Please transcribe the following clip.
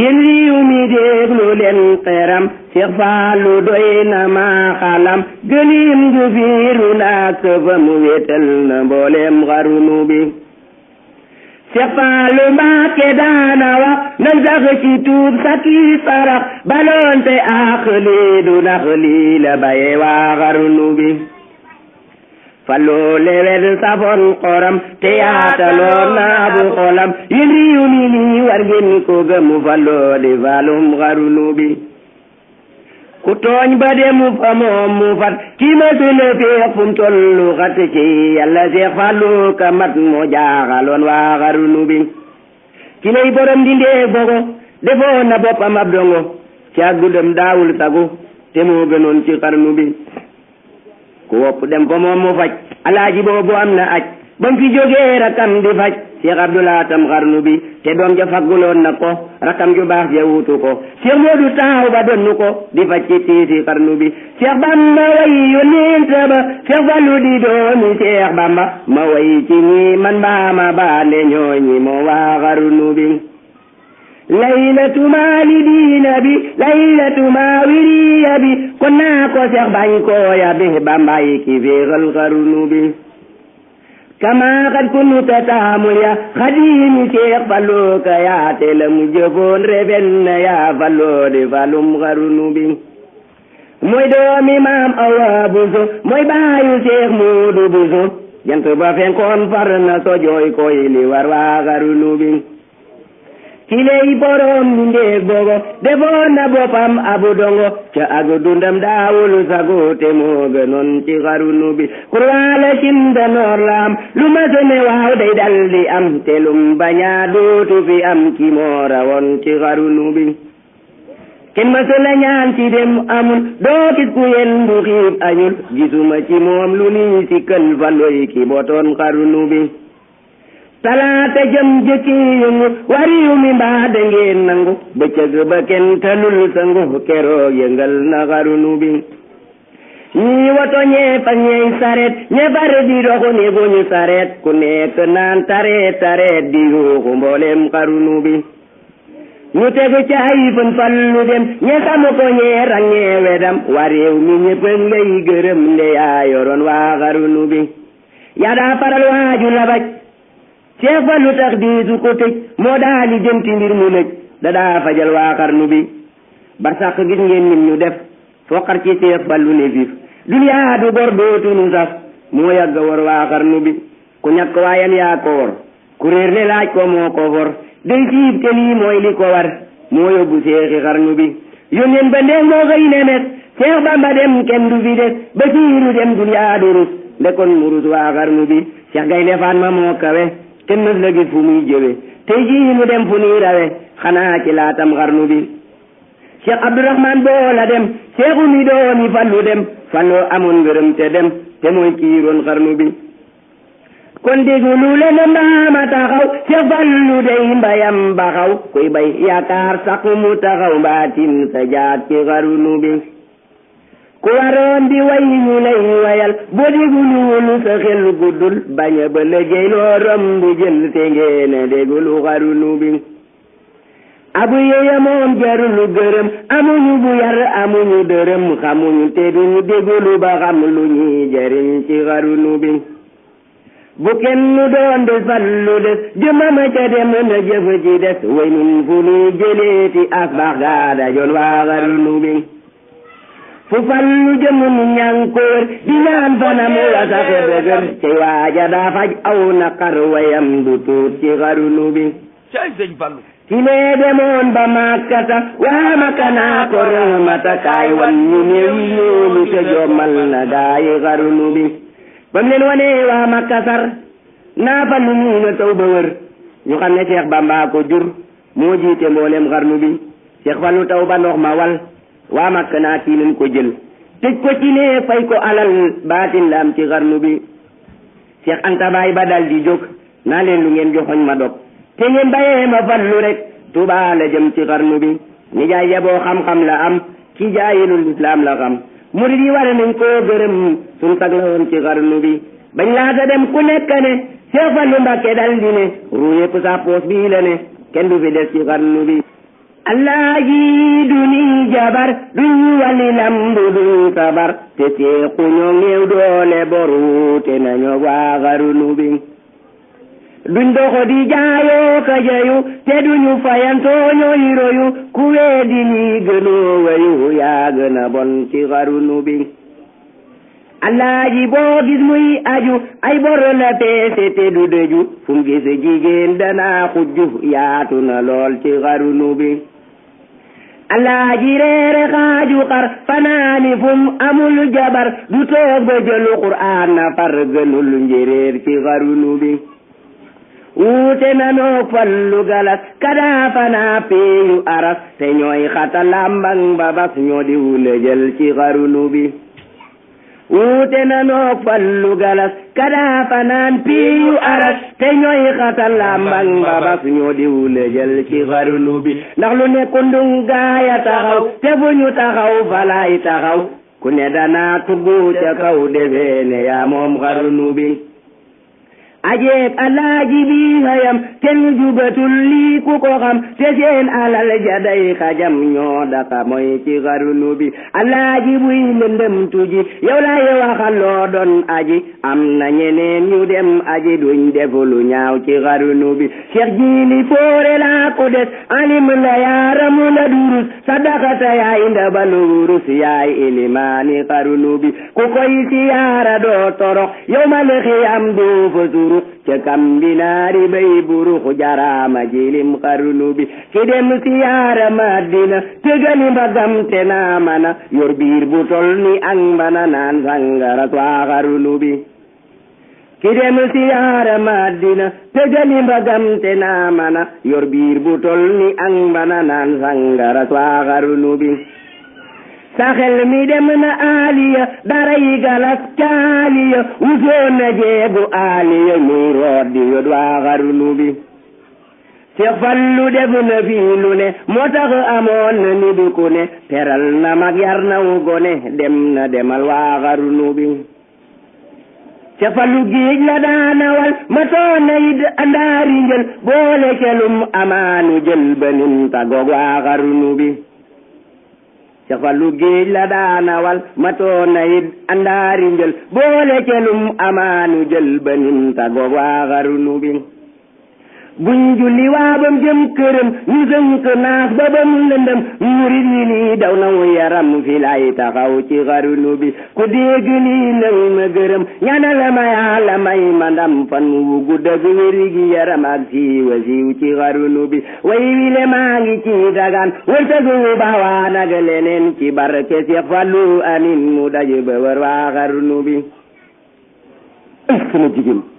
yéen réew mi déglu leen xeram Seex Faalu doy na ma xalam gëlim ju fiiru na këfam wéetal na mboolem xarnu bi Seex Faalu Mbàkke daana wax nan sax tuub saki sarax baloonte ak lii du nax lii la baye waa xarnu bi fallu lewet safoon xoram te yaataloon na abu xolam yéen réew mi nii war ngeen ko gëm fallu di falum xarunu bi ku tooñ ba demu fa moom mu fat kii ma sunu feex fum tollu xat ci yàlla seex fallu ka mat moo jaaxaloon waa xarunu bi ki lay borom di ndee bogo defoon na boppam ab dongo ci ak gudam daawul sagu te moo gënoon ci xarnu bi ku wopp dem fa moom mu faj alaaji boobu am na aj bam fi jógee rakam di faj Cheikh Abdoulaye tam xarnu bi te doom ja fagguloon na ko rakam ju baax ja wutu ko Cheikh Moodu taaw ba donnu ko di faj ci tiisi xarnu bi Cheikh Bamba way yonent ba Cheikh Fallu di doomi Cheikh Bamba ma way ci ñi man baama baale ñooñi moo waa xarnu bi laylatu maa li diina bi laylatu maa wiriya bi kon naa ko seex bañ koo yabi bambay ki féexal xarnu bi kama xat kunu tataamul ya xadiimi ceex faloo ka yaa te la mu jëfoon refen na yaa faloo di falum xarnu bi mooy doomi maam awa buso mooy baayu ceex muudu buso jant ba fenkoon far na so jooy koy li war waa xarnu bi kiley borom mbindeef boogo defoon na boppam abu dongo ca ak dundam daawul sago te moo gënoon ci xaru bi kurwaale cim danoor la am lu ma sene waaw day dal am te lum bañaa dootu fi am ki moo rawoon ci xaru bi kenn ma so ci dem amul doo gis ku yen du xiib añul gisuma ci moom lu nii si kël fa ki botoon xaru nu bi salaate jëm jëkkiinu wariyu mi mbaa da ngeen nangu bëccëg ba kenn talul sangu keroog yëngal na xarnu bi ñii ñee fa ñey saret ñe bare di doxu ni buñu saret ku nekk naan tareet tareet di yuuxu mboolem xarnu ñu tegu ca ay fan fallu dem ñe samu ko ñee rang ñee wedam wariw mi ñëpp lay gërëm nde yaa yoroon waa xarnu bi yaa daa faral waaju labaj ceeb ba lu tax diisu ko tëj moo daa li jënti mbir mu lëj da daa fajal waa xarnu bi bar sax gis ngeen nim ñu def foqar ci ceeb fa lu ne fiif duniyaa du bor dootunu saf moo yàgg war waa xarnu bi ku ñàkk waayam yaa ko war ku réer ne laaj ko moo ko for day siib te lii mooy li ko war moo yóbbu seexi xarnu bi yónneen ba ndéeg moo xëy nemes Seex Bamba dem kenn du fi des ba siiru dem duniyaa du rus nde kon mu rus waa xarnu bi Seex Gaynde Fatma moo kawe te nag la gis fu muy jëwee te jii nu dem fu nii rawe xanaa ci laatam xarnu bi Cheikh Abdourahman Boo la dem Cheikhu mi doomi Fallu dem Fallu amoon ngërëm te dem te mooy kiiroon xarnu bi kon déglu lu leen ne mbaama taxaw Cheikh Fallu day mbayam baxaw kuy bay yaakaar sax mu taxaw mbaatin sa jaat ci xarnu ku waroon di way ñu lay wayal boo déglu lu sa xel guddul bañ a ba liggéey loo romb jël te ngeen a déglu xarunu bi abu yéya moom jarulu gërëm amuñu bu yar amuñu dërëm xamuñu te duñu déglu ba xam lu ñuy jariñ ci xarunu bi bu kenn doon des fallu des jëmama ca dem na jëf ci des way nun fu nuy jëleeti asbax gaa dajoon waa xarunu bi fu fallu jëm nu ñankoor di ñaan fanam la saxe dëgër ci waaja daa faj aw naqar wayam du tuut ci xarnu bi ki nee demoon ba Makka sax waa Makka naa ko rëmata kaay wan ñu néew ñoolu te jommal na gaayi xarnu bi ba mu leen wanee waa Makka sar naa fallu ñu na taw ba wër ñu xam ne Cheikh Bamba ko jur moo jiite mboolem xarnu bi Cheikh fallu taw ba ndox ma wal waa Makka naa kii lañ ko jël tëj ko ci ne fay ko alal baatin la am ci xarnu bi Cheikh Anta Baay ba dal di jóg naa leen lu ngeen joxoñ ma dog te ngeen bàyyee ma fallu rek Tuubaa la jëm ci xarnu bi nijaay yaboo xam-xam la am ki jaayilul islam la xam murid yi war nañ koo gërëm sun la woon ci xarnu bi bañ laata dem ku nekk ne Cheikh Fallu Mbakke dal ne ruu yëpp sa poos bii la ne kenn du fi des ci xarnu bi allah ji duni jabar duñ wali lambu duñ sabar te teeku ñoo ngeew doole boru te nañoo waagaru nubi duñ doxo di jaayoo ka jayu te duñu fayantoo ñooy royu ku weedi ñi gënoo yaa gën bon ci xaru nubi alaaji boo gis muy aju ay bor la peese te du dëju fu mu gis jigéen danaa xujju yaatu na lool ci xarunu bi alaaji reere xaaju xar fanaani fum amul jabar du toog ba jëlu quraan na far gënul njéréer ci xarunu bi wuute nanoog fallu galas kadaa fanaa peeyu aras te ñooy xata lambang babas ñoo di wula jël ci xarunu bi wuute nanoo fallu galas kadaa fanaan piiyu aras te ñooy xatal làmbang babas ñoo diwle jël ci xarnu ndax lu ne kundung gaaya taxaw te bu taxaw falaay taxaw ku ne danaa tugg kaw defee ne yaa moom xarnu ajeeg alaaji bi xayam kenn jubatul lii ku ko xam te seen alal ja day xajam ñoo daka mooy ci xarnu bi alaaji buy lëndëm tuji yow lay waxal loo doon aji am na ñeneen ñu dem aji duñ def lu ñaaw ci xarnu bi cheikh jili foore laa ko des alim la yaaramu la durus sadaqata yaay ndabalu wurus yaay ilimaani xarnu ku koy siyaara doo torox yow mal xiyam doo fa xarnu ca kam binaari bay jaraama jilim xarnu bi siyaara madina tëgali mbagam te naa yor biir bu tol ni ak mbana naan sangara waa xarnu bi siyaara madina tëgali mbagam te naa yor biir bu tol ni ak mbana naan sangara waa xarnu sa xel mi dem na aliya daray galas caaliya wusoon na jeegu aliya muy root di yot waa xarnu bi Seex Fallu def na fii lu ne moo tax amoon na ni du ku ne teral na mag yar na wu gone dem na demal waa xarnu bi ca falu géej la daanawal matoona yit andaari njël boole kelum amaanu jël ba nim tagoog waa xarnu bi ca falu géej la daanawal matoona it andaari njël boole celum amaanu jël ba nim tagoog waa xarunu bi buñ julli waa bam jëm këram ñu sënk naas ba bam lëndëm murit yi lii daw naw yaram fi lay taxaw ci xarnu bi ku dégg lii nay ma gërëm ñaanal ma yàlla may ma ndam fan wu gudd ak wér gi yaram ak siiwa siiw ci xarnu bi way wile maa ngi ci dagaan wërsëg wu bawaan ak leneen ci barke Seex Fallu amin mu daje ba war waa xarnu bi sama jigéen